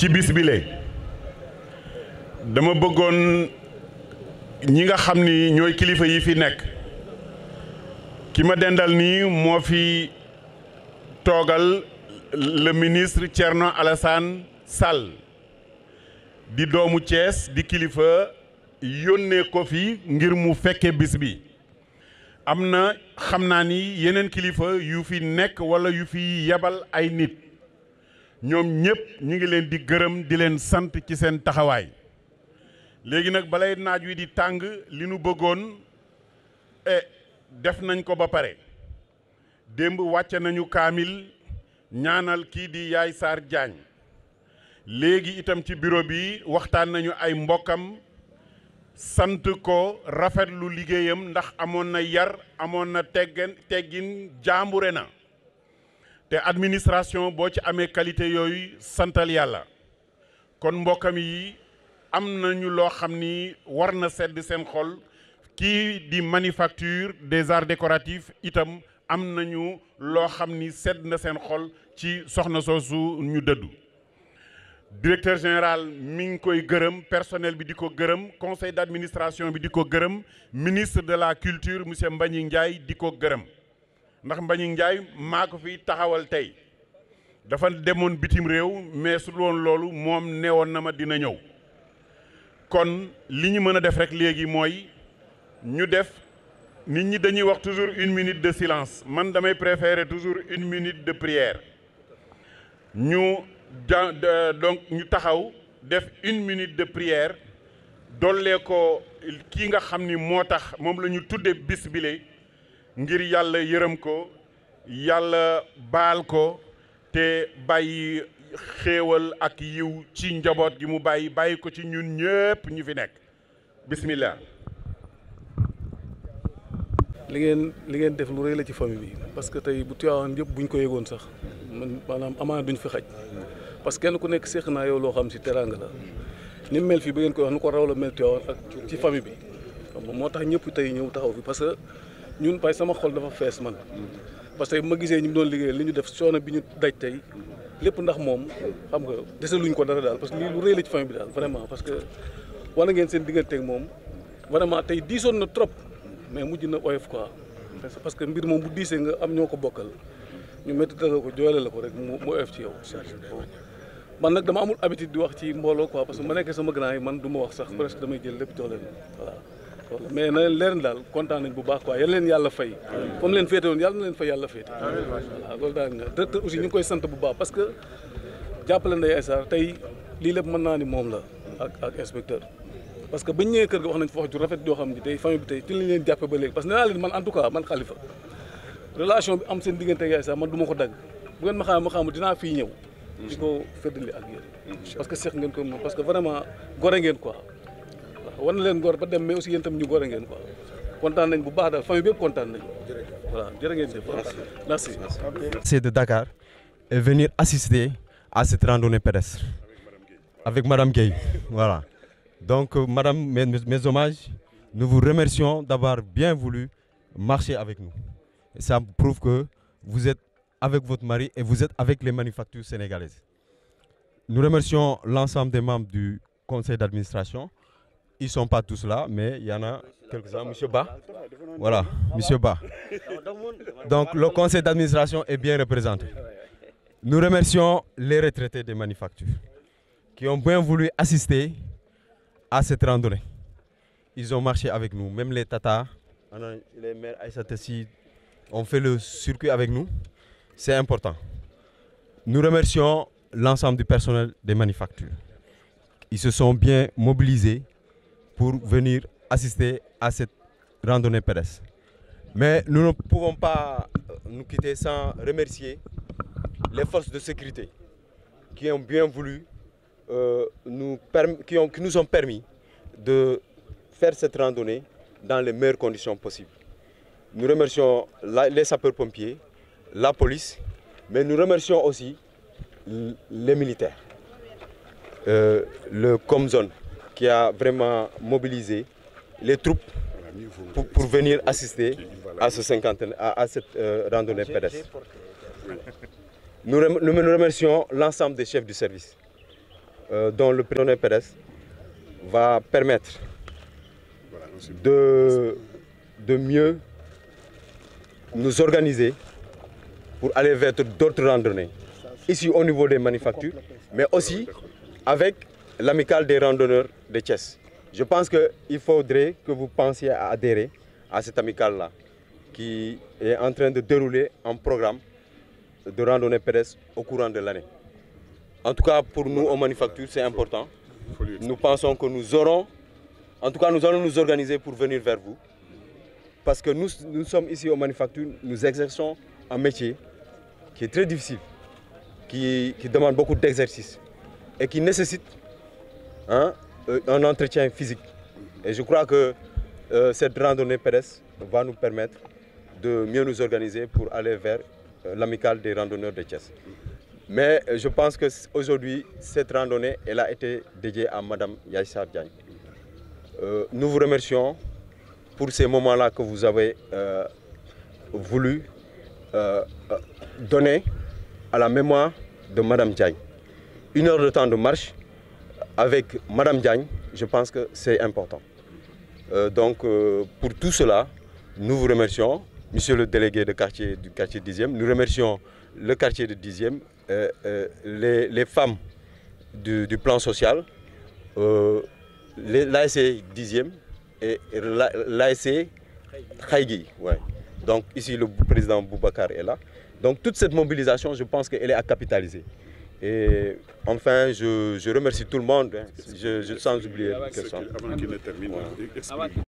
ci bis bi lee dama bëggoon ñi nga xam ni ñooy kilifa yi fi nekk ki ma dendal nii moo fi toogal le ministre Thierno Alassane Sall di doomu Thiès di kilifa yónnee ko fi ngir mu fekke bis bi am na xam naa ni yeneen kilifa yu fi nekk walla yu fi yebal ay nit ñoom ñëpp ñu ngi leen di gërëm di leen sant ci seen taxawaay léegi nag balay naaj wi di tàng li nu bëggoon e def nañ ko ba pare démb wàcce nañu kaamil ñaanal kii di Yaay Sarr Diagne léegi itam ci bureau bi waxtaan nañu ay mbokkam sant ko rafetlu liggéeyam ndax amoon na yar amoon na teggin teggin jaambure na te administration boo ci amee qualité yooyu santal yàlla kon mbokkam yi am nañu loo xam ni war na sedd seen xol kii di manufacture des arts décoratifs itam am nañu loo xam ni sedd na seen xol ci soxna soosu ñu dëddu directeur général mi ngi koy gërëm personnel bi di ko gërëm conseil d'administration bi di ko gërëm ministre de la culture monsieur Mbagnick Ndiaye di ko gërëm ndax Mbañik Njaay maa ko fi taxawal tey dafa demoon bitim réew mais su loon loolu moom newoon na ma dina ñëw kon li ñu mën a def rek léegi mooy ñu def nit ñi dañuy wax toujours une minute de silence man damay préférer toujours une minute de prière ñu ja donc ñu taxaw def une minute de prière dollee ko kii nga xam ni moo tax moom la ñu tudde bis bile ngir yàlla yërëm ko yàlla baal ko te bàyyi xéewal ak yiw ci njaboot gi mu bàyyi bàyyi ko ci ñun ñëpp ñu fi nekk bismillah li ngeen li ngeen def lu rëy la ci famille bi parce que tey bu Tivaouane yëpp buñ ko yëgoon sax man maanaam amaana duñ fi xaj parce kenn ku nekk séq naa yow loo xam si teraanga la ni mel fii ba ngeen koy wax nu ko raw la mel Tivaouane ak ci famille bi moo tax ñëpp tey ñëw taxaw fi parce ñun bay sama xol dafa fees man parce que bu ma gisee ñu doon liggéey li ñu def coono bi ñu daj tey lépp ndax moom xam nga dese luñ ko dara daal parce que lii lu rëy la ci famille bi daal vraiment parce que wane ngeen seen digganteeg moom vraiment tey diisoon na trop mais mujj na oyof quoi parce que mbir moom bu diisee nga am ñoo ko bokkal ñu métti dara ko jooyle la ko rek mu mu oyof ci yow man nag dama amul habitude di wax ci mbooloo ko parce ma nekkee yi man du ma wax sax presque damay jël lépp jox voilà mais na leen leer daal kontaan nañ bu baax quoi yal leen yàlla fay comme leen féete woon yàlla na leen fay yàlla féete koy sant bu baax parce que jàppale Ndeye tey lii lépp mën naa ni moom la ak ak inspecteur parce que bañ ñëwee kër ga wax nañ fa wax rafet joo xam ne tey famille bi tey ci lañ leen jàppe ba léegi parce que nee leen man en tout cas man Khalifa relation bi am seen diggante ak Aysar man du ko dagg bu ngeen ma xaar ma xamu dinaa fii ñëw di ko feddali ak yéen parce que seex ngeen ko moom parce que vraiment gore ngeen quoi wan leen ngor ba dem mais aussi yéen itam ñu a ngeen quoi kontaan nañ bu baax daal famille bépp kontaan nañ voilà c'est de Dakar et venir assister à cette randonnée pédestre avec Madame Gueye voilà donc euh, Madame mes, mes hommages nous vous remercions d'avoir bien voulu marcher avec nous et ça prouve que vous êtes avec votre mari et vous êtes avec les manufactures sénégalaises nous remercions l'ensemble des membres du conseil d'administration ils sont pas tous là mais il y en a quelques-uns monsieur Ba voilà monsieur Ba donc le conseil d'administration est bien représenté nous remercions les retraités des manufactures qui ont bien voulu assister à cette randonnée ils ont marché avec nous même les tatas les mères Aïssata Sy ont fait le circuit avec nous c'est important nous remercions l'ensemble du personnel des manufactures ils se sont bien mobilisés pour venir assister à cette randonnée pédestre. Mais nous ne pouvons pas euh, nous quitter sans remercier les forces de sécurité qui bien voulu euh, nous qui, ont, qui permis de faire cette randonnée dans les meilleures conditions possibles. Nous remercions la, les sapeurs-pompiers, la police, mais nous remercions aussi les militaires, euh, le comme zone qui a vraiment mobilisé les troupes pour, pour venir assister à, ce 50, à, à cette euh, randonnée pédestre. Nous, remercions l'ensemble des chefs du service, euh, dont le président pédestre va permettre de, de mieux nous organiser pour aller vers d'autres randonnées, ici au niveau des manufactures, mais aussi avec l'amicale des randonneurs de Thiès. Je pense qu'il faudrait que vous pensiez à adhérer à cette amicale la qui est en train de dérouler un programme de randonnée pédestre au courant de l'année. En tout cas, pour nous, aux manufactures, c'est important. Nous pensons que nous aurons, en tout cas, nous allons nous organiser pour venir vers vous. Parce que nous, nous sommes ici aux manufactures, nous exerçons un métier qui est très difficile, qui demande beaucoup d'exercice et qui nécessite hein, euh, un entretien physique. Et je crois que euh, cette randonnée pédestre va nous permettre de mieux nous organiser pour aller vers euh, l'amicale des randonneurs de Thiès. Mais euh, je pense que aujourd'hui, cette randonnée, elle a été dédiée à Madame Yaïssa Diagne. Euh, nous vous remercions pour ces moments-là que vous avez euh, voulu donner à la mémoire de Madame Diagne. Une heure de temps de marche, avec Madame Diagne, je pense que c'est important. Euh, donc, euh, pour tout cela, nous vous remercions, Monsieur le délégué de quartier, du quartier 10e, nous remercions le quartier de 10e, euh, euh, les, les, femmes du, du plan social, euh, l'ASC 10e et l'ASC Khaïgui. Ouais. Donc, ici, le président Boubacar est là. Donc, toute cette mobilisation, je pense qu'elle est à capitaliser. Et enfin, je, je, remercie tout le monde, hein. je, je, sans oublier personne. Avant qu'il ne termine, ouais.